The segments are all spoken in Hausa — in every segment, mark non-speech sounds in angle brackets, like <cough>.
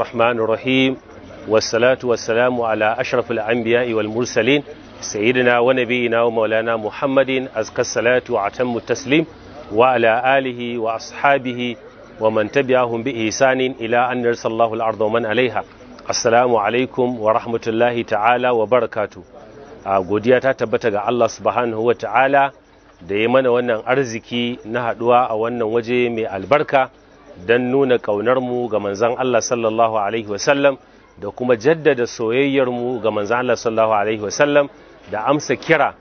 الرحمن الرحيم والصلاة والسلام على أشرف الأنبياء والمرسلين سيدنا ونبينا ومولانا محمد أزكى الصلاة وأتم التسليم وعلى آله وأصحابه ومن تبعهم بإحسان إلى أن يرسل الله الأرض ومن عليها السلام عليكم ورحمة الله تعالى وبركاته godiya ta tabbata ga Allah subhanahu wa ta'ala da ya mana wannan arziki na haduwa a wannan waje mai albarka don nuna ƙaunarmu ga manzan Allah sallallahu Alaihi wasallam da kuma jaddada soyayyarmu ga manzan Allah sallallahu Alaihi wasallam da amsa kira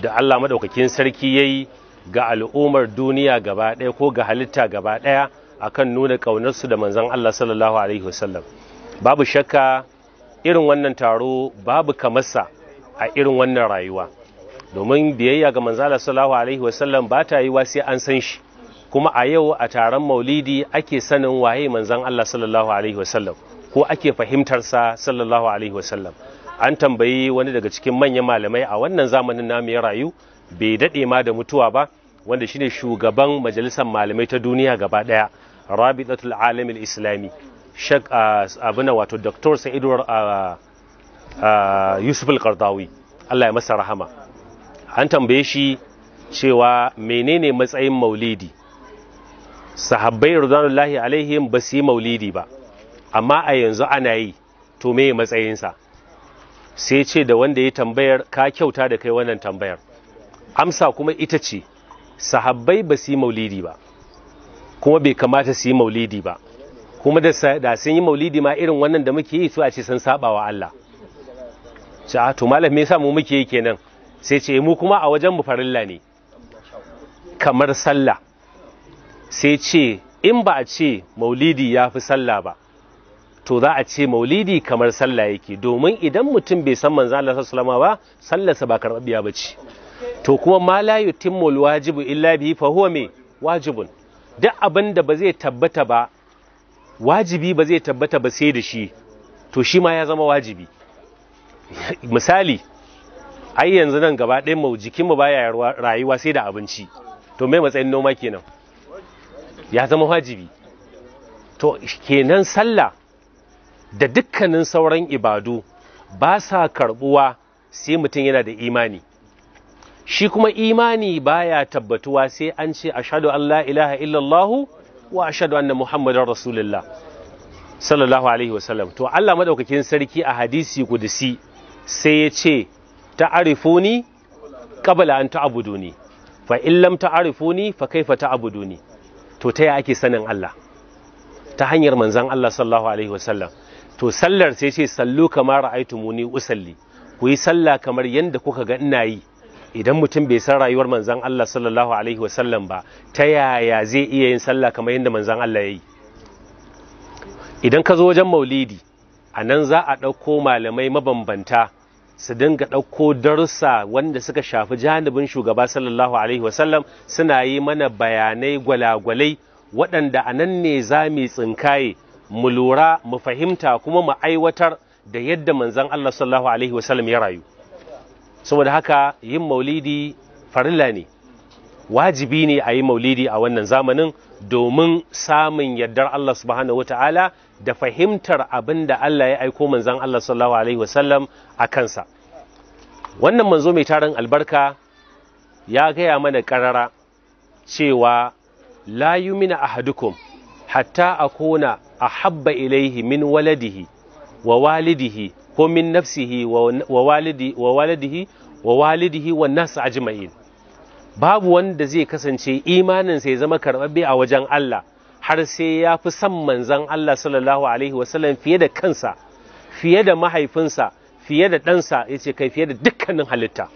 da Allah maɗaukakin sarki ya yi ga al'ummar duniya gaba ɗaya ko ga halitta gaba ɗaya a kan nuna ƙaunarsu da manzan Allah sallallahu Alaihi wasallam babu shakka irin wannan taro babu kamarsa a irin wannan rayuwa domin biyayya ga manzan Allah sallallahu Alaihi wasallam ba ta yi wa sai an san shi kuma a yau a taron maulidi ake sanin waye manzon Allah sallallahu alaihi wasallam ko ake fahimtarsa sallallahu alaihi wasallam an tambayi wani daga cikin manyan malamai a wannan zamanin namu ya rayu bai daɗe ma da mutuwa ba wanda shine shugaban majalisar malamai ta duniya gaba ɗaya rabitatul alamil islami shak ah, abuna wato dr a ah, ah, yusuf al Allah ya masa rahama an tambaye shi cewa menene matsayin maulidi sahabbai rudanullahi alaihim ba su yi maulidi ba amma a yanzu ana yi to me matsayinsa sai ce da wanda ya tambayar ka kyauta da kai wannan tambayar amsa kuma ita ce sahabbai ba su yi maulidi ba kuma bai kamata su yi maulidi ba kuma da sun yi maulidi ma irin wannan da muke yi su a ce sun saba Allah ce a ah, to malam me yasa mu muke yi kenan sai ce eh, mu kuma a wajen mu farilla ne kamar sallah sai ce in ba a ce maulidi ya fi sallah ba to za a ce maulidi kamar sallah yake domin idan mutum bai san manzo Allah sallallahu ba sallarsa ba karɓaɓɓiya ba ce to kuma ma la yutimmu alwajibu illa bihi fa huwa me wajibun duk abinda ba zai tabbata ba wajibi ba zai tabbata ba sai da shi to shi ma ya zama wajibi <laughs> misali ai yanzu nan gaba ɗayan mu jikinmu baya rayuwa sai da abinci to mai matsayin noma kenan ya zama wajibi to kenan sallah da dukkanin sauran ibadu ba sa karbuwa sai mutum yana da imani shi kuma imani baya tabbatuwa sai an ce ashhadu an la ilaha illallah wa ashhadu anna muhammadar rasulullah sallallahu alaihi wasallam to Allah madaukakin sarki a hadisi kudusi sai ya ce ta'arifuni qabla an ta'buduni fa illam lam ta'arifuni fa kaifa ta'buduni to ta ya ake sanin Allah ta hanyar manzan Allah sallallahu alaihi wasallam to sallar sai ce sallu kamar ra'aytumuni usalli ku yi sallah kamar yadda kuka ga ina yi idan mutum bai san rayuwar manzan Allah sallallahu alaihi wasallam ba ta yaya zai iya yin sallah kamar yadda manzan Allah ya yi idan ka zo wajen maulidi a nan za a ɗauko malamai mabambanta su dinga ɗauko darussa wanda suka shafi janibin shugaba sallallahu alaihi wasallam suna yi mana bayanai gwalagwalai waɗanda a nan ne za mu tsinkaye mu lura mu fahimta kuma mu aiwatar da yadda manzan Allah sallallahu alaihi wasallam ya rayu saboda haka yin maulidi farilla ne wajibi ne a yi maulidi a wannan zamanin domin samun yardar Allah subhanahu wata'ala da fahimtar abin da Allah ya aiko manzan Allah sallallahu alaihi wasallam a kansa wannan manzo mai tarin albarka ya gaya mana karara cewa la a ahadukum hatta a a habba ilaihi min waladihi wa walidihi ko min nafsihi wa wa walidihi wa walidihi wa nasu ajima'in babu wanda zai kasance imaninsa ya zama karɓaɓɓe a wajen Allah har sai ya fi son manzan Allah sallallahu alaihi wasallam fiye da kansa fiye da mahaifinsa fiye da ɗansa ya ce kai fiye da dukkanin halitta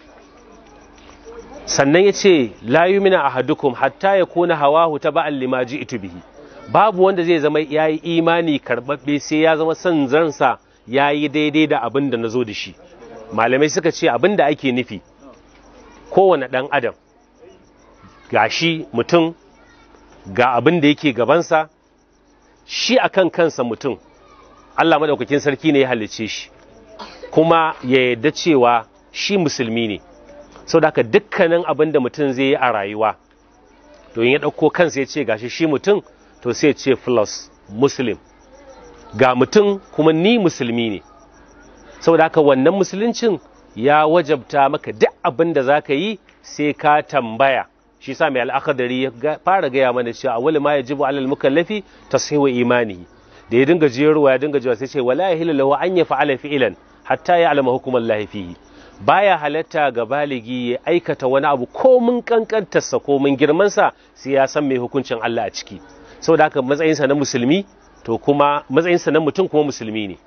sannan ya ce layu mina a hadukum hatta ya kona hawahu ta ba'an limaji itu bihi babu wanda zai zama ya yi imani karɓaɓɓe sai ya zama son zansa ya yi daidai da abin da na zo da shi malamai suka ce abin da ake nufi kowane ɗan adam gashi mutum ga abin da yake gabansa shi akan kansa mutum Allah madaukakin sarki ne ya halice shi kuma ya yadda cewa shi musulmi ne sau da dukkanin abin da mutum zai yi a rayuwa to in ya ɗauko kansa ya ce ga shi mutum to sai ce plus muslim ga mutum kuma ni musulmi ne da haka wannan musuluncin ya wajabta maka duk abin da za ka yi sai ka tambaya shi sa mai al'akadari ya fara gaya mana cewa awwal ma jibu alal mukallafi tashihu imani da ya dinga jiyarwa ya dinga jewa sai ce wala yahilu lahu an yaf'ala fi'lan hatta ya hukuman lahi fihi baya halatta ga baligi ya aikata wani abu ko mun kankantarsa ko mun girmansa sai ya san mai hukuncin Allah a ciki saboda haka matsayinsa na musulmi to kuma matsayinsa na mutum kuma musulmi ne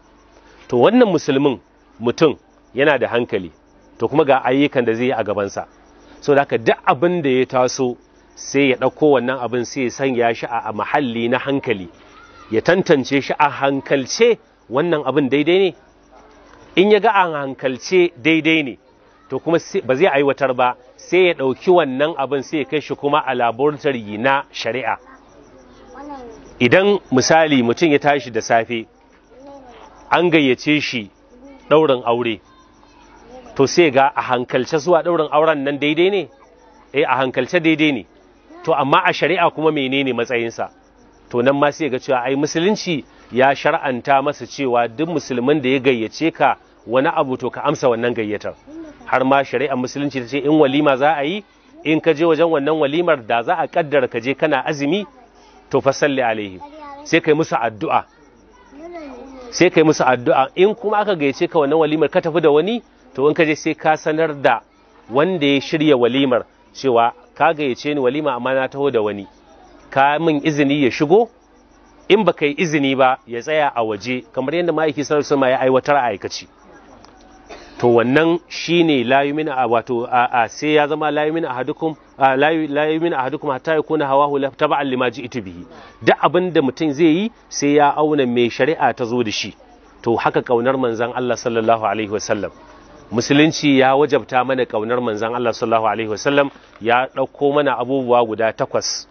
to wannan musulmin mutum yana da hankali to kuma ga ayyukan da zai yi a gabansa so da duk abin da ya taso sai ya ɗauko wannan abin sai ya sanya shi a mahalli na hankali ya tantance shi a hankalce wannan abin daidai ne in ya ga a hankalce daidai ne to kuma ba zai aiwatar ba sai ya ɗauki wannan abin sai ya kai shi kuma a laboratory na shari'a idan misali mutum ya tashi da safe an gayyace shi ɗaurin aure to sai ga a hankalce zuwa ɗaurin auren nan daidai ne eh a hankalce daidai ne to amma a shari'a kuma menene matsayinsa to nan ma sai ga cewa ai musulunci ya shar'anta masa cewa duk musulmin da ya gayyace ka wani abu to ka amsa wannan gayyatar har ma shari'ar musulunci ta ce in walima za a yi in ka je wajen wannan walimar da za a kaddara ka je kana azumi to fa salli alaihi sai kai musu addu'a sai kai musu addu'a in kuma aka gayyace ka wannan walimar ka tafi da wani to in ka je sai ka sanar da wanda ya shirya walimar cewa ka gayyace ni walima amma na taho da wani ka min izini ya shigo in baka yi izini ba ya tsaya a waje kamar yadda ma'aiki sanar sama ya aiwatar a aikaci to wannan shine layumin a wato a sai ya zama layumin a hadukum layumin a hadukum hatta ya kuna hawahu taba'an lima ji ita bihi duk abin da mutum zai yi sai ya auna mai shari'a ta zo da shi to haka kaunar manzon Allah sallallahu alaihi wasallam musulunci ya wajabta mana kaunar manzan Allah sallallahu alaihi wasallam ya ɗauko mana abubuwa guda takwas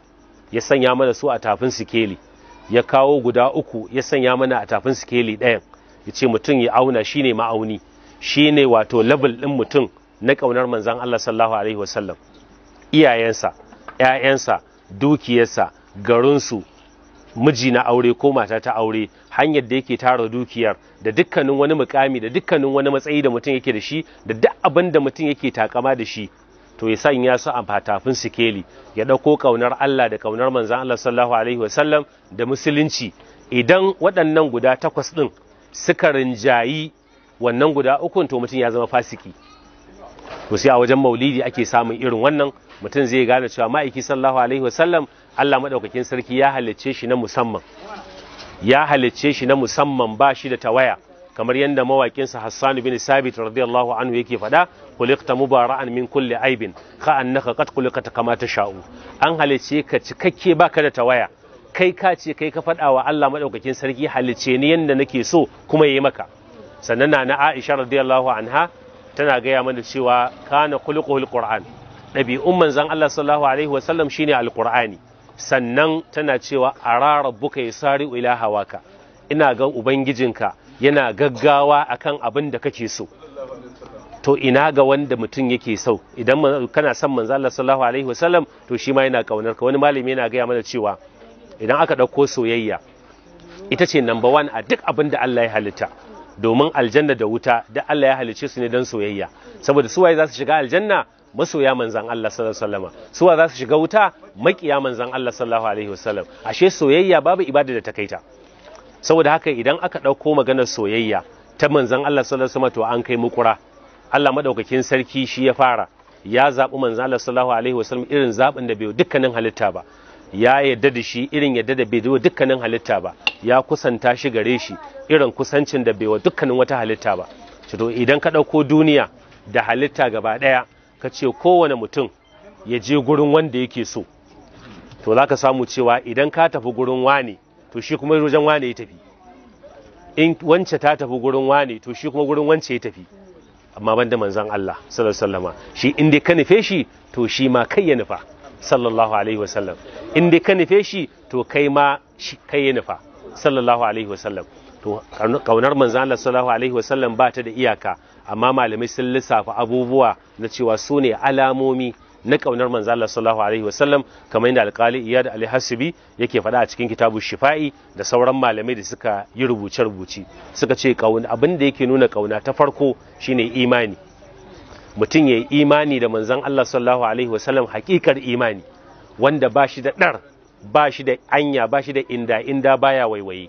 ya sanya mana su a tafin sikeli ya kawo guda uku ya sanya mana a tafin sikeli ɗayan ya ce mutum ya auna shine ma'auni shine wato level ɗin mutum na kaunar manzan Allah sallallahu alaihi wasallam iyayensa ‘ya'yansa dukiyarsa garinsu miji na aure ko mata ta aure hanyar da yake tara dukiyar da dukkanin wani mukami da dukkanin wani matsayi da mutum yake da shi da duk abin da mutum yake takama da shi to ya sanya su a fatafin sikeli ya ɗauko ƙaunar Allah da kaunar manzan Allah sallallahu alaihi wasallam da musulunci idan waɗannan guda takwas ɗin suka rinjayi wannan guda ukun to mutum ya zama fasiki to a wajen maulidi ake samun irin wannan mutum zai gane cewa ma'aiki sallallahu alaihi wasallam Allah madaukakin sarki ya halicce shi na musamman ya halicce shi na musamman ba shi da tawaya kamar yadda mawaƙinsa Hassan bin Sabit radiyallahu anhu yake faɗa khuliqta mubara'an min kulli aibin ka annaka qad khuliqta kama tasha'u an halicce ka cikakke baka da tawaya kai ka ce kai ka faɗawa, wa Allah madaukakin sarki halicce ni yadda nake so kuma yayi maka sannan na Aisha radiyallahu anha tana gaya mana cewa kana khuluquhul qur'an ɗabi'un manzan Allah sallallahu alaihi sallam shine alqur'ani sannan tana cewa ara rabbuka yasari ila hawaka ina ga ubangijinka yana gaggawa akan abin da kake so to ina ga wanda mutum yake so idan kana son manzo Allah sallallahu alaihi sallam to shi ma yana kaunar ka wani malami yana gaya mana cewa idan aka ɗauko soyayya ita ce number one a duk abin da Allah ya halitta domin aljanna da wuta da Allah ya halice su ne don soyayya saboda suwaye za su shiga aljanna masoya manzan Allah sallallahu alaihi wasallam suwa za su shiga wuta makiya manzan Allah sallallahu alaihi wasallam ashe soyayya babu ibada da takaita saboda haka idan aka ɗauko maganar soyayya ta manzan Allah sallallahu alaihi wasallam to an kai mukura Allah madaukakin sarki shi ya fara ya zaɓi manzan Allah sallallahu alaihi wasallam irin zaɓin da bai dukkanin halitta ba ya yadda da shi irin yadda da bai wa dukkanin halitta ba ya kusanta shi gare shi irin kusancin da baiwa wa dukkanin wata halitta ba to idan ka ɗauko duniya da halitta gaba ɗaya ka ce kowane mutum ya je gurin wanda yake so to za ka samu cewa idan ka tafi gurin wane to shi kuma wajen wane ya tafi in wance ta tafi gurin wane to shi kuma gurin wance ya tafi amma banda manzon Allah sallallahu alaihi wasallama shi inda ka nufe shi to shi ma kai ya nufa sallallahu alaihi wasallam in dai ka nufe shi to kai ma shi kai ya nufa sallallahu alaihi wasallam to kaunar manzan Allah sallallahu alaihi wasallam ba ta da iyaka amma malamai sun lissafa abubuwa na cewa su ne alamomi na kaunar manzan Allah sallallahu alaihi wasallam kamar yadda alƙali Iyad al-Hasibi yake faɗa a cikin kitabu Shifa'i da sauran malamai da suka yi rubuce-rubuce suka ce abin da yake nuna kauna ta farko shine imani mutum ya yi imani da manzan Allah sallallahu alaihi wasallam hakikar imani wanda ba shi da ɗar ba shi da anya ba shi da inda inda baya waiwaye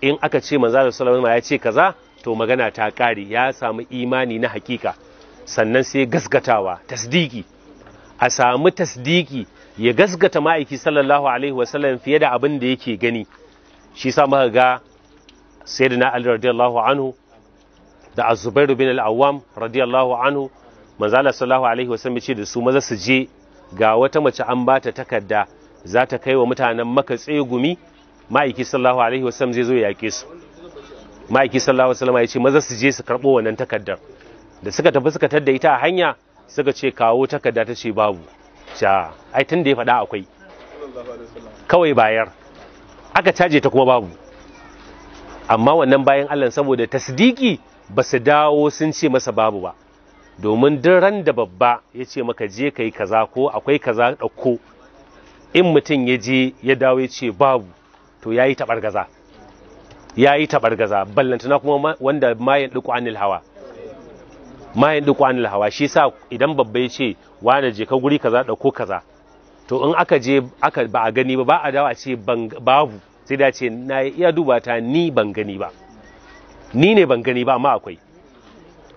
in aka ce manzan Allah sallallahu alaihi ya ce kaza to magana ta ƙare ya samu imani na hakika sannan sai gasgatawa tasdiki a samu tasdiki ya gasgata ma'aiki sallallahu alaihi wasallam fiye da abin da yake gani shi sa muka ga sayyidina Ali radiyallahu anhu da azubairu bin al'awam radiyallahu anhu manzala Salahu alaihi wasallam ce da su maza su je ga wata mace an ba ta takarda za ta kai wa mutanen maka tsegumi ma'aiki Salahu alaihi wasallam zai zo ya su ma'aiki Salahu alaihi wasallam ya ce maza su je su karbo wannan takardar da suka tafi suka tadda ita a hanya suka ce kawo takarda ta ce babu ja ai tun da ya faɗa akwai kawai bayar aka caje ta kuma babu amma wannan bayan Allah saboda tasdiki ba su dawo sun ce masa babu ba domin duk ran da babba ya ce maka je ka yi kaza ko akwai kaza ko, in mutum ya je ya dawo ya ce babu to ya yi taɓargaza ya yi taɓargaza ballantana kuma wanda mayan ɗiku anil hawa mayan ɗiku anil hawa shi sa idan babba ya ce wane je ka guri kaza ɗauko kaza to in aka je aka ba a gani ba ba a dawo a ce babu sai da ce na iya dubata ni ban gani ba ni ne ban gani ba ma akwai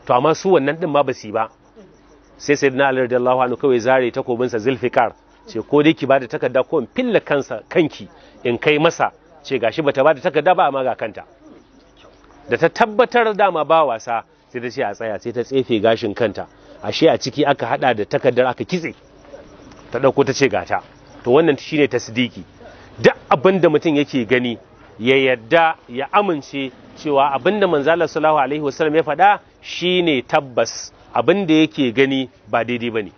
to amma su wannan din ma ba su ba sai sai na alayhi radiyallahu anhu kawai zare takobinsa zulfikar ce ko dai ki ba da takarda ko filla kansa kanki in kai masa ce gashi bata ba da takarda ba amma ga kanta da ta tabbatar dama ba wasa sai ta ce a tsaya sai ta tsefe gashin kanta ashe a ciki aka hada da takardar aka kitse ta dauko ta ce gata to wannan shine tasdiki duk abin da mutum yake gani ya yadda ya amince cewa abinda manzala sallallahu alaihi wasallam ya faɗa shine tabbas abinda yake gani ba daidai bane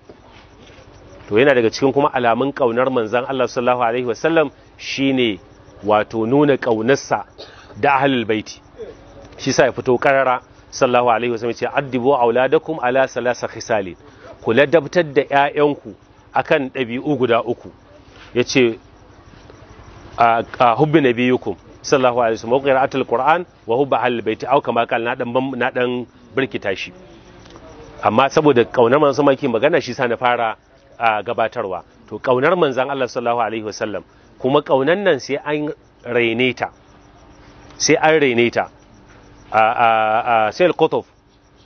to yana daga cikin kuma alamun kaunar manzan Allah sallallahu alaihi wasallam shine wato nuna kaunarsa da ahlul baiti shi sa ya fito karara sallallahu alaihi wasallam ce addibu auladakum ala salasa khisalin ku ladabtar da ƴaƴanku akan ɗabi'u guda uku yace a hubbi nabiyukum sallallahu alaihi wasallam wa qira'atul qur'an wa huwa ahlul baiti au kama kal na dan na dan birkita shi amma saboda kaunar manzon maki magana shi sa na fara gabatarwa to kaunar manzon Allah sallallahu alaihi wasallam kuma kaunan nan sai an raine ta sai an raine ta sai al-qutuf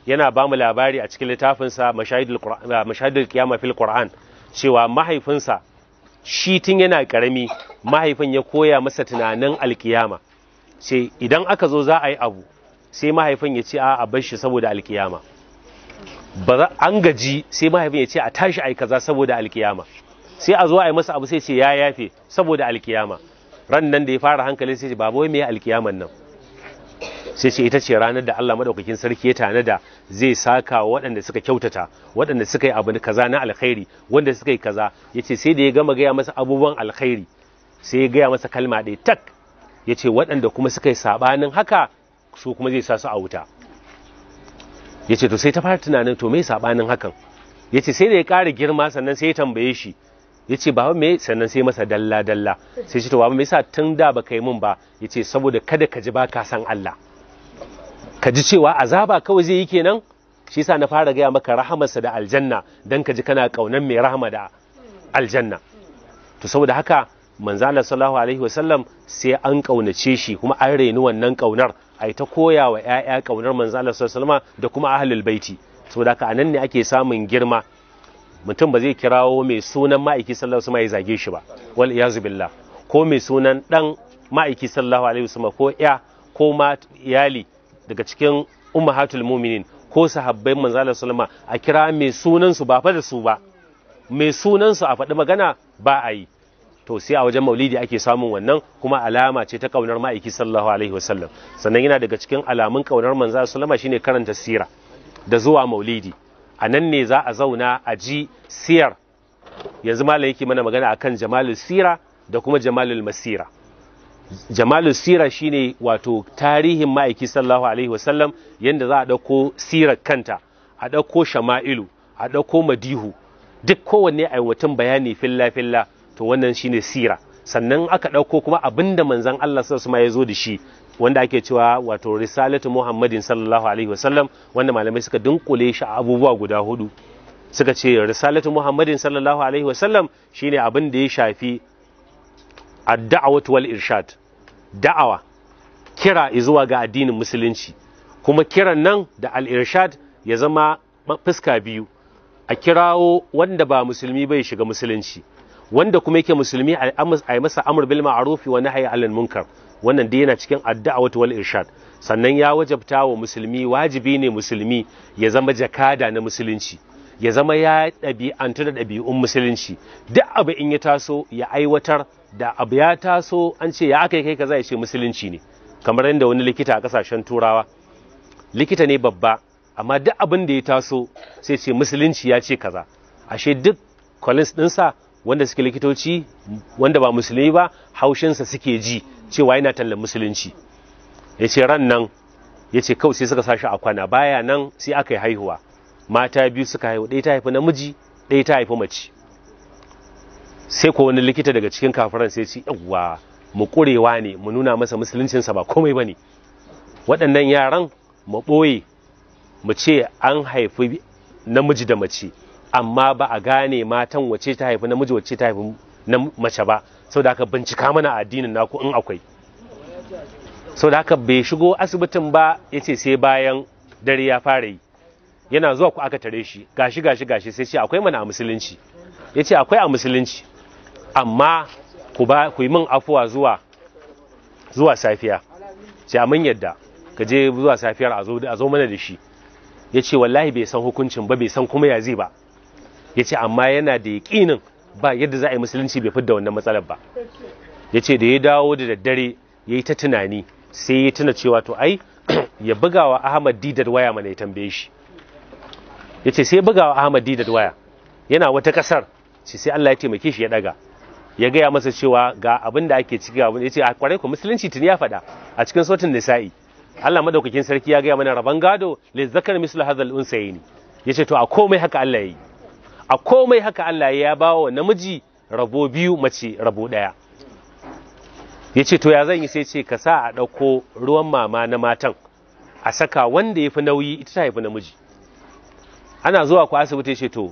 yana ba mu labari a cikin littafinsa mashahidul qiyama fil qur'an cewa mahaifinsa shi tun yana karami mahaifin ya koya masa tunanin alkiyama sai idan aka zo za a yi abu sai mahaifin ya ce a bar shi saboda alkiyama ba an gaji sai mahaifin ya ce a tashi ai kaza saboda alkiyama sai a zo a yi masa abu sai ce ya yafe saboda alkiyama ran nan da ya fara hankali sai ce babu wai me alkiyaman nan sai ce ita ce ranar da Allah madaukakin sarki ya tanada zai saka waɗanda suka kyautata waɗanda suka yi abu kaza na alkhairi wanda suka yi kaza yace sai da ya gama gaya masa abubuwan alkhairi sai ya gaya masa kalma ɗaya tak yace waɗanda kuma suka yi sabanin haka su kuma zai sa su a wuta yace to sai ta fara tunanin to me sabanin hakan yace sai da ya ƙara girma sannan sai ya tambaye shi ya ce ba me sannan sai masa dalla dalla sai shi to ba me yasa tun da baka yi mun ba ya ce saboda kada ka ji ba ka san Allah ka ji cewa azaba kawai zai yi kenan shi yasa na fara gaya maka rahamarsa da aljanna dan ka ji kana kaunan mai rahama da aljanna to saboda haka manzo Allah sallallahu alaihi wasallam sai an kaunace shi kuma an raini wannan kaunar ai ta koya wa yaya kaunar manzo Allah sallallahu alaihi wasallam da kuma ahlul baiti saboda haka anan ne ake samun girma mutum ba zai kirawo mai sunan ma'aiki sallallahu alaihi wasallam ya zage shi ba wal iyazu billah ko mai sunan dan ma'aiki sallallahu alaihi wasallam ko ya ko ma iyali daga cikin ummahatul mu'minin ko sahabbai manzo Allah sallama a kira mai sunansu ba fa su ba mai sunansu a faɗi magana ba a yi to sai a wajen maulidi ake samun wannan kuma alama ce ta kaunar ma'aiki sallallahu alaihi wasallam sannan yana daga cikin alamun kaunar manzo sallama shine karanta sira da zuwa maulidi a nan ne za a zauna a ji siyar yanzu malam yake mana magana akan jamalul sira da kuma jamalul masira jamalul sira shine wato tarihin ma'aiki sallallahu alaihi wasallam yadda za a ɗauko sirar kanta a ɗauko shama'ilu a ɗauko madihu duk kowanne aiwatan bayani filla filla to wannan shine sira sannan aka ɗauko kuma abinda manzan Allah sallallahu alaihi ya zo da shi wanda ake cewa wato risalatu muhammadin sallallahu alaihi wasallam wanda malamai suka dunkule shi a abubuwa guda hudu suka ce risalatu muhammadin sallallahu alaihi wasallam shine abin da ya shafi addu'awatu wal irshad da'awa kira zuwa ga addinin musulunci kuma kiran nan da al-irshad ya zama fuska biyu a kirawo wanda ba musulmi bai shiga musulunci wanda kuma yake musulmi a yi masa amr bil ma'arufi wa nahyi anil munkar wannan dai yana cikin addu'a wal irshad sannan ya wajabta wa musulmi wajibi ne musulmi ya zama jakada na musulunci ya zama ya ɗabi'antu da ɗabi'un musulunci duk abu in ya taso ya aiwatar da abu ya taso an ce ya aka yi kai kaza ya ce musulunci ne kamar yadda wani likita a kasashen turawa likita ne babba amma duk abin da ya taso sai ce musulunci ya ce kaza ashe duk collins dinsa wanda suke likitoci wanda ba musulmi ba haushinsa suke ji cewa yana tallan musulunci ya ce ran nan ya ce kawai sai suka sashi a kwana baya nan sai aka yi haihuwa mata biyu suka haihu ɗaya ta haifi namiji ɗaya ta haifi mace sai ko wani likita daga cikin kafiran sai ce yawwa mu kurewa ne mu nuna masa musuluncinsa ba komai bane ne waɗannan yaran mu ɓoye mu ce an haifi namiji da mace amma ba a gane matan wace ta haifi namiji wace ta haifi na mace ba da haka bincika mana addinin naku in akwai da haka bai shigo asibitin ba ya sai bayan dare ya fara yi yana zuwa ku aka tare shi gashi gashi gashi sai ce akwai mana a musulunci ya akwai a musulunci amma ku ba ku yi min afuwa zuwa zuwa safiya sai yadda ka je zuwa safiyar a zo a zo mana da shi yace wallahi bai san hukuncin ba bai san kuma ya zai ba yace amma yana da yaƙinin ba yadda za a yi musulunci bai fidda wannan matsalar ba yace da ya dawo da daddare yayi ta tunani sai ya tuna cewa to ai <clears throat> ya bugawa Ahmad Didar waya mana ya tambaye shi yace sai bugawa Ahmad Didar waya yana wata kasar sai Allah ya taimake shi ya daga ya gaya masa cewa ga abin da ake ciki abin ya ce a kwarai ku musulunci tuni ya faɗa a cikin sautin nisa'i Allah madaukakin sarki ya gaya mana rabon gado le zakar misl hazal unsayni ya ce to a komai haka Allah ya yi a komai haka Allah ya ba wa namiji rabo biyu mace rabo ɗaya ya ce to ya zan yi sai ce ka sa a dauko ruwan mama na matan a saka wanda yafi nauyi ita ta haifi namiji ana zuwa ku asibiti ce to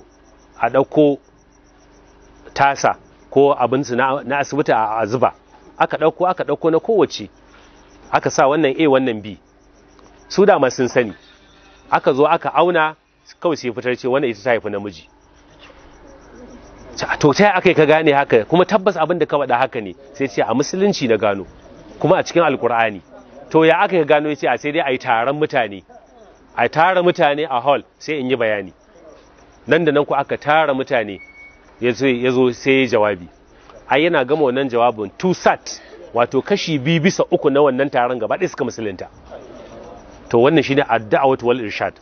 a dauko tasa ko abinci na asibiti a zuba aka ɗauko aka ɗauko na kowace aka sa wannan a wannan b su dama sun sani aka zo aka auna kawai sai fitar ce wannan ita ta haifi namiji to ta aka yi ka gane haka kuma tabbas abin da ka faɗa haka ne sai ce a musulunci na gano kuma a cikin alkur'ani to ya aka ka gano ce a sai dai a yi taron mutane a tara mutane a hall sai in yi bayani nan da nan ku aka tara mutane ya zo sai ya jawabi a yana gama wannan jawabin sat wato kashi biyu bisa uku na wannan taron gaba ɗaya suka musulunta to wannan shine ad-da'wat wal irshad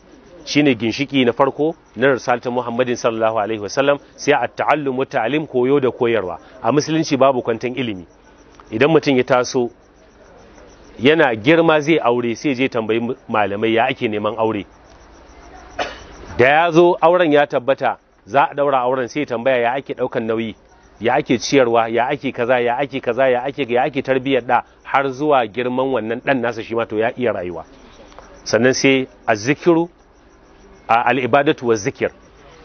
shine ginshiki na farko na risalatu Muhammadin sallallahu alaihi wasallam sai a taallum wa ta'lim koyo da koyarwa a musulunci babu kwantan ilimi idan mutum ya taso yana girma zai aure sai je tambayi malamai ya ake neman aure da ya zo auren ya tabbata za a daura auren sai tambaya ya ake daukan nauyi ya ake ciyarwa ya ake kaza ya ake kaza ya ake ya ake tarbiyyar da har zuwa girman wannan dan nasa shi ma to ya iya rayuwa sannan sai zikiru, al-ibadatu wa zikir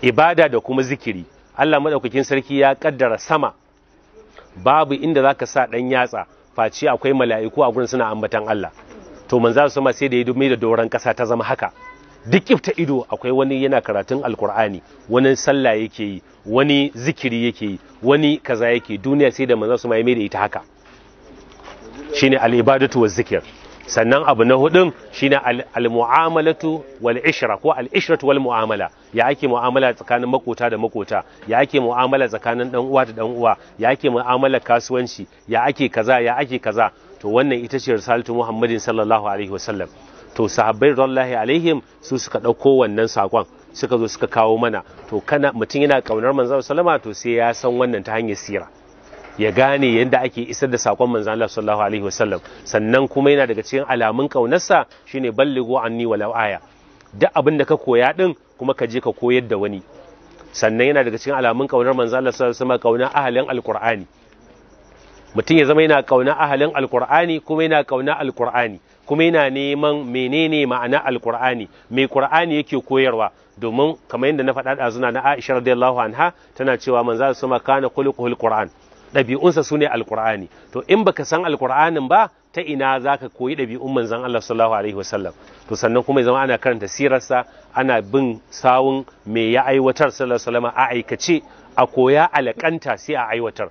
ibada da kuma zikiri Allah madaukakin sarki ya kaddara sama babu inda zaka sa dan yatsa face akwai mala'iku a gurin suna ambatan Allah to manzo sama sai da ya dume da doran kasa ta zama haka duk ta ido akwai wani yana karatun alkur'ani wani sallah yake yi wani zikiri yake yi wani kaza yake duniya sai da manzo su mai da ita haka Shi al-ibadatu wa zikir sannan abu na hudun shine al-mu'amalatu wal ko al-ishratu wal mu'amala ya ake mu'amala tsakanin makota da makota ya ake mu'amala tsakanin dan uwa da dan uwa ya ake mu'amala kasuwanci ya ake kaza ya ake kaza to wannan ita ce risalatu muhammadin sallallahu alaihi wasallam to sahabbai radiyallahu alaihim su suka dauko wannan sakon suka zo suka kawo mana to kana mutum yana kaunar manzo sallama to sai ya san wannan ta hanyar sira ya gane yadda ake isar da sakon manzo Allah sallallahu alaihi wasallam sannan kuma yana daga cikin alamun kaunarsa shine ballighu anni walau aya duk abin da ka koya din kuma ka je ka koyar da wani sannan yana daga cikin alamun kaunar manzo Allah sallallahu alaihi wasallam kauna ahalin alqur'ani mutum ya zama yana kauna ahalin alqur'ani kuma yana kauna alqur'ani kuma yana neman menene ma'ana alkur'ani me qur'ani yake koyarwa domin kamar yadda na faɗa da zuna na Aisha radiyallahu anha tana cewa manzo ma kana khuluquhul qur'an ɗabi'unsa su ne alkur'ani to in baka san alkur'anin ba ta ina za ka koyi ɗabi'un manzan Allah sallallahu alaihi wasallam to sannan kuma zama ana karanta sirarsa ana bin sawun me ya aiwatar sallallahu alaihi wasallam a aikace a koya alƙanta sai a aiwatar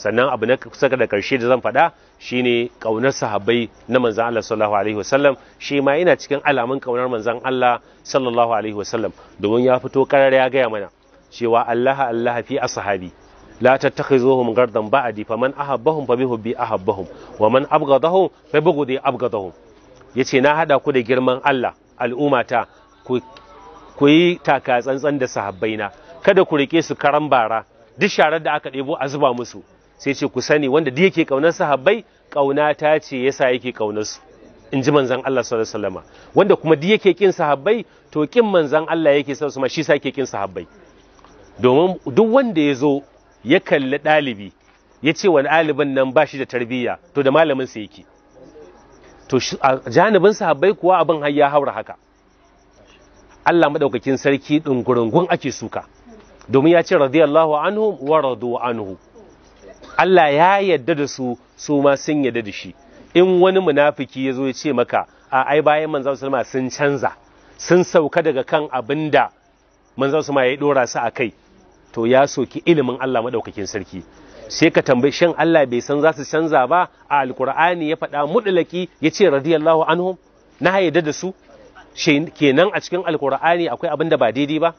sannan abu na kusa da karshe da zan faɗa shine ƙaunar sahabbai na manzan Allah sallallahu alaihi wasallam shi ma yana cikin alamun ƙaunar manzan Allah sallallahu alaihi wasallam domin ya fito karar ya gaya mana cewa Allah Allah fi ashabi la tattakhizuhum gardan ba'di faman ahabbahum fa bihubbi ahabbahum wa man abghadahum fa bughdi abghadahum yace na hada ku da girman Allah al'umata ku ku yi taka tsantsan da sahabbaina kada ku rike su karan bara duk sharar da aka ɗebo a zuba musu sai ce ku sani wanda da yake kaunar sahabbai kauna ta ce yasa yake kaunar su in ji manzan Allah sallallahu alaihi wasallam wanda kuma da yake kin sahabbai to kin manzan Allah yake su ma shi sa yake kin sahabbai domin duk wanda ya zo ya kalli ɗalibi ya ce wani ɗaliban nan ba shi da tarbiyya to da malamin sa yake to janibin sahabbai kuwa abin har ya haura haka Allah madaukakin sarki dungurungun ake suka domin ya ce radiyallahu anhu wa radu anhu Allah ya yarda da su su ma sun yarda da shi in wani munafiki ya zo ya ce maka a ai bayan manzon sallama sun canza sun sauka daga kan abin da manzon sallama ya dora su a kai to ya soki ilimin Allah madaukakin sarki sai ka tambayi shin Allah bai san za su canza ba a alkur'ani ya faɗa mudlaki ya ce radiyallahu anhum na yarda da su kenan a cikin alkur'ani akwai abin da ba daidai ba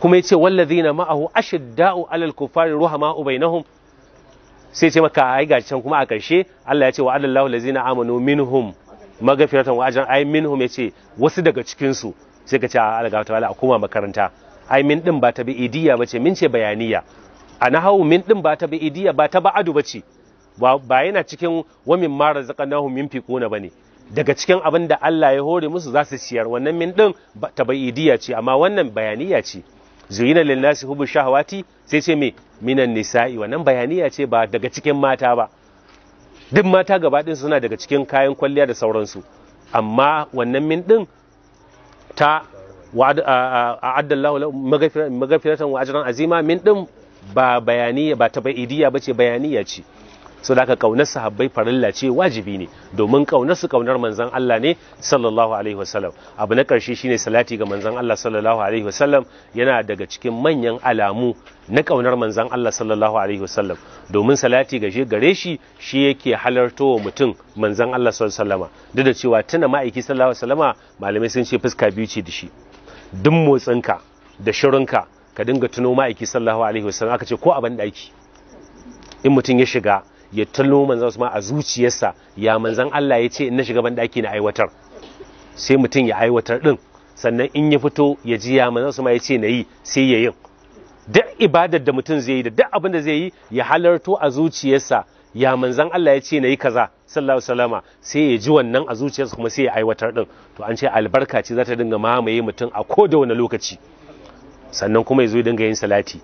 kuma ya ce wallazina ma'ahu ashidda'u alal kufari ruhama'u bainahum sai ce maka ai gashi can kuma a ƙarshe Allah ya ce wa adallahu lazina amanu minhum magafiratan wa ajran ai minhum ya ce wasu daga cikin su sai ka ce a alga ta a koma makaranta ai min din ba ta bi idiya ba ce min ce bayaniya a nahawu min din ba ta bi idiya ba ta ba'adu ba ce ba yana cikin wamin mara zakanahum min fiquna bane daga cikin abin da Allah ya hore musu za su ciyar wannan min din ta bai idiya ce amma wannan bayaniya ce zuyina lillahi hubu shahawati sai ce me minan nisa'i wannan bayaniya ce ba daga cikin mata ba duk mata gaba ɗin suna daga cikin kayan kwalliya da sauransu amma wannan min ɗin ta wa'adallahu magafiratan wa ajran azima min ɗin ba bayaniya ba ta bai idiya bace bayaniya ce so da aka kaunar sahabbai farilla ce wajibi ne domin kaunar su kaunar manzon Allah ne sallallahu alaihi wasallam abu na karshe shine salati ga manzon Allah sallallahu alaihi wasallam yana daga cikin manyan alamu na kaunar manzon Allah sallallahu alaihi wasallam domin salati gaje gare shi shi yake halartowa mutum manzon Allah sallallahu alaihi wasallam duk da cewa tuna ma'aiki sallallahu alaihi wasallama malamai sun ce fuska biyu ce da shi duk motsinka da shirinka ka dinga tuno ma'aiki sallallahu alaihi wasallam aka ce ko abin daki in mutum ya shiga ya tallo manzan su ma a zuciyarsa ya manzan Allah ya ce in na shiga ban na aiwatar sai mutum ya aiwatar din sannan in ya fito ya ji ya manzan su ma ya ce na yi sai ya yin duk ibadar da mutum zai yi da duk abin da zai yi ya halarto a zuciyarsa ya manzan Allah ya ce na yi kaza sallallahu salama sai ya ji wannan a zuciyarsa kuma sai ya aiwatar din to an ce albarka ce za ta dinga mamaye mutum a ko da wani lokaci sannan kuma ya zo dinga yin salati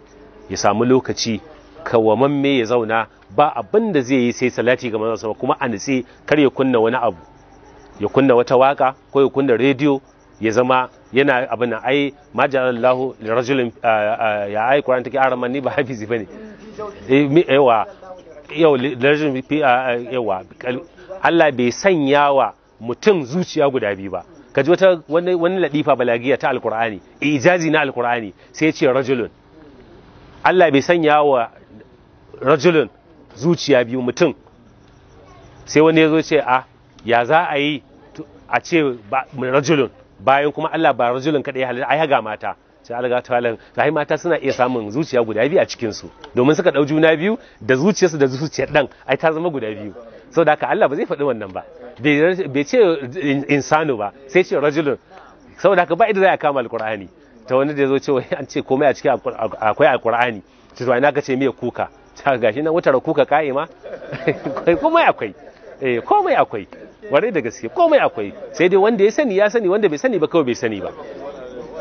ya samu lokaci kawamamme ya zauna ba abin da zai yi sai salati ga manzon sama kuma an nitse kar ya kunna wani abu ya kunna wata waka ko ya kunna rediyo ya zama yana abin nan ai ma ja'alallahu lirajulin ya ai Qur'an take arama ni ba hafizi bane eh, yawa yau lirajulin yawa Allah bai sanya wa mutum zuciya guda biyu ba kaji wata wani ladifa balagiya ta alkur'ani ijazi na alkur'ani sai ya ce rajulun Allah bai sanya wa rajulun zuciya biyu mutum sai wani ya zo ce a ah, ya za a yi a ce rajulun bayan kuma Allah ba rajulun kaɗai a ai haga mata sai Allah ta halan sai mata suna iya samun zuciya guda biyu a cikin su domin suka ɗau juna biyu da zuciyarsu da zuciyar a ai ta zama guda biyu da haka Allah ba zai faɗi wannan ba bai ce insano ba sai ce rajulun da haka ba idan a kama Alƙur'ani ta wani da ya zo ce an ce komai a cikin akwai Alƙur'ani ce zuwa ina ka ce mai kuka ga shi nan wutar kuka ma? komai akwai eh komai akwai ware da gaske komai akwai sai dai wanda ya sani ya sani wanda bai sani ba kawai bai sani ba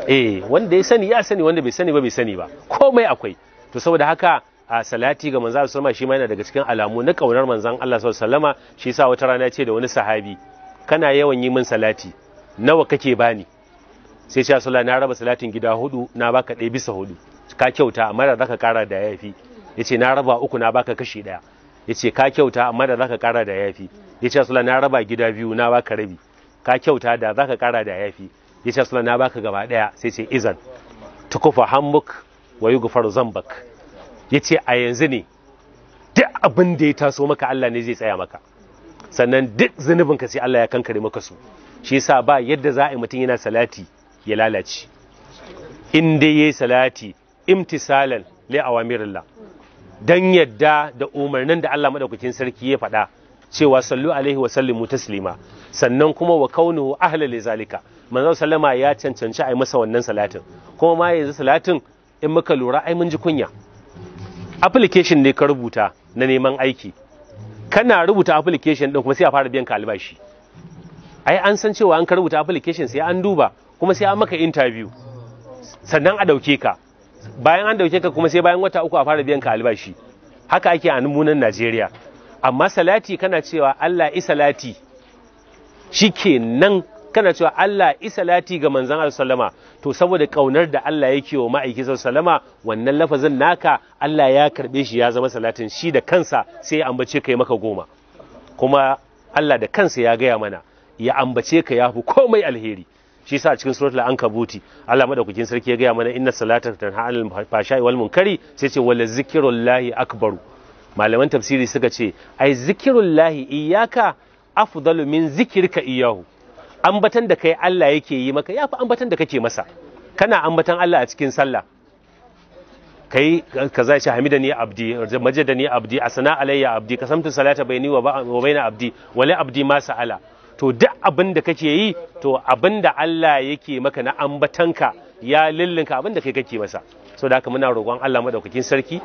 eh wanda ya sani ya sani wanda bai sani ba bai sani ba komai akwai to saboda haka a salati ga manzo sallama shi ma yana daga cikin alamu na kaunar manzon Allah sallama shi yasa wata rana ce da wani sahabi kana yawan yi min salati nawa kake bani sai ya sallallahu na raba salatin gida hudu na baka ɗaya bisa hudu ka kyauta amma da zaka kara da yafi Ya ce na raba uku na baka kashi daya ce ka kyauta amma da zaka kara da yafi ce asala na raba gida biyu na baka rabi ka kyauta da zaka kara da yafi ce asala na baka gaba daya sai ce izan tukufa hambuk wa gufar zambak Ya ce a yanzu ne duk abin da ya taso maka Allah ne zai tsaya maka sannan duk zunubin ka sai Allah ya kankare maka su shi yasa ba yadda za a yi mutum yana salati ya lalace in dai yi salati imtisalan li awamirillah Dan yadda da umarnin da Allah madaukakin sarki ya faɗa cewa sallu alaihi wa sallimu taslima sannan kuma wa kaunuhu ahla li zalika manzo sallama ya cancanci ai masa wannan salatin kuma ma yanzu salatin in muka lura ai mun ji kunya application ne ka rubuta na neman aiki kana rubuta application din kuma sai a fara biyan ka albashi ai an san cewa an ka rubuta application sai an duba kuma sai an maka interview sannan a dauke ka bayan an dauke ka kuma sai bayan wata uku a fara biyan ka albashi haka ake a numunan Najeriya amma salati kana cewa Allah isalati nan kana cewa Allah isalati ga manzan al sallama to saboda kaunar da Allah yake wa ma'aiki sallama wannan lafazin naka Allah ya karbe shi ya zama salatin shi da kansa sai ya ambace ka yi maka goma kuma Allah da kansa ya gaya mana ya ambace ka ya fi komai alheri shi sa cikin suratul ankabuti Allah madaukakin sarki ya gaya mana inna salata tanha anil fasha wal munkari sai ce wala zikrullahi akbaru malaman tafsiri suka ce ai zikrullahi iyyaka afdalu min zikrika iyyahu ambatan da kai Allah yake yi maka yafi ambatan da kake masa kana ambatan Allah a cikin sallah kai kaza shi ni abdi majadani abdi asana alayya abdi kasamtu salata bayni wa baina abdi wala abdi ma sa'ala to duk abin da kake yi to abin da Allah yake maka na ambatanka ya lillinka abin da kai kake masa so da haka muna roƙon Allah madaukakin sarki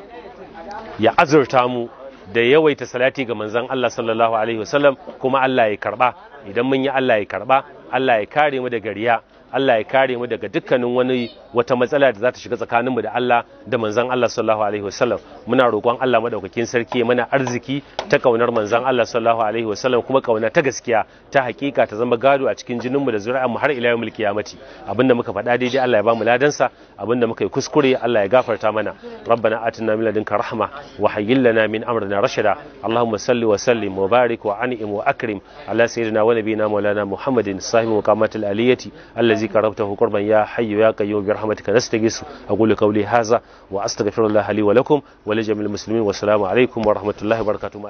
ya azurta mu da yawaita salati ga manzon Allah sallallahu alaihi wasallam kuma Allah ya karba idan mun yi Allah ya karba Allah ya kare mu daga riya Allah ya kare mu daga dukkanin wani wata matsala da za ta shiga tsakaninmu da Allah da manzon Allah sallallahu alaihi wasallam muna roƙon Allah madaukakin sarki mana arziki ta kaunar manzon Allah sallallahu alaihi wasallam kuma kauna ta gaskiya ta hakika ta zama gado a cikin jininmu da zuri'ar mu har ila yawmil qiyamati abinda muka faɗa daidai Allah ya ba mu ladansa abinda muka yi kuskure Allah ya gafarta mana rabbana atina min ladunka rahma wa hayyil lana min amrina rashada allahumma salli wa sallim wa barik wa an'im wa akrim ala sayyidina wa nabiyina maulana muhammadin sahibi maqamatil aliyati allazi karamta hukurman ya hayyu ya kayyum bi rahmatika nastaghi su aqulu qawli hadha wa astaghfirullaha li wa lakum wa li jami'il muslimin wa assalamu alaikum wa rahmatullahi wa barakatuh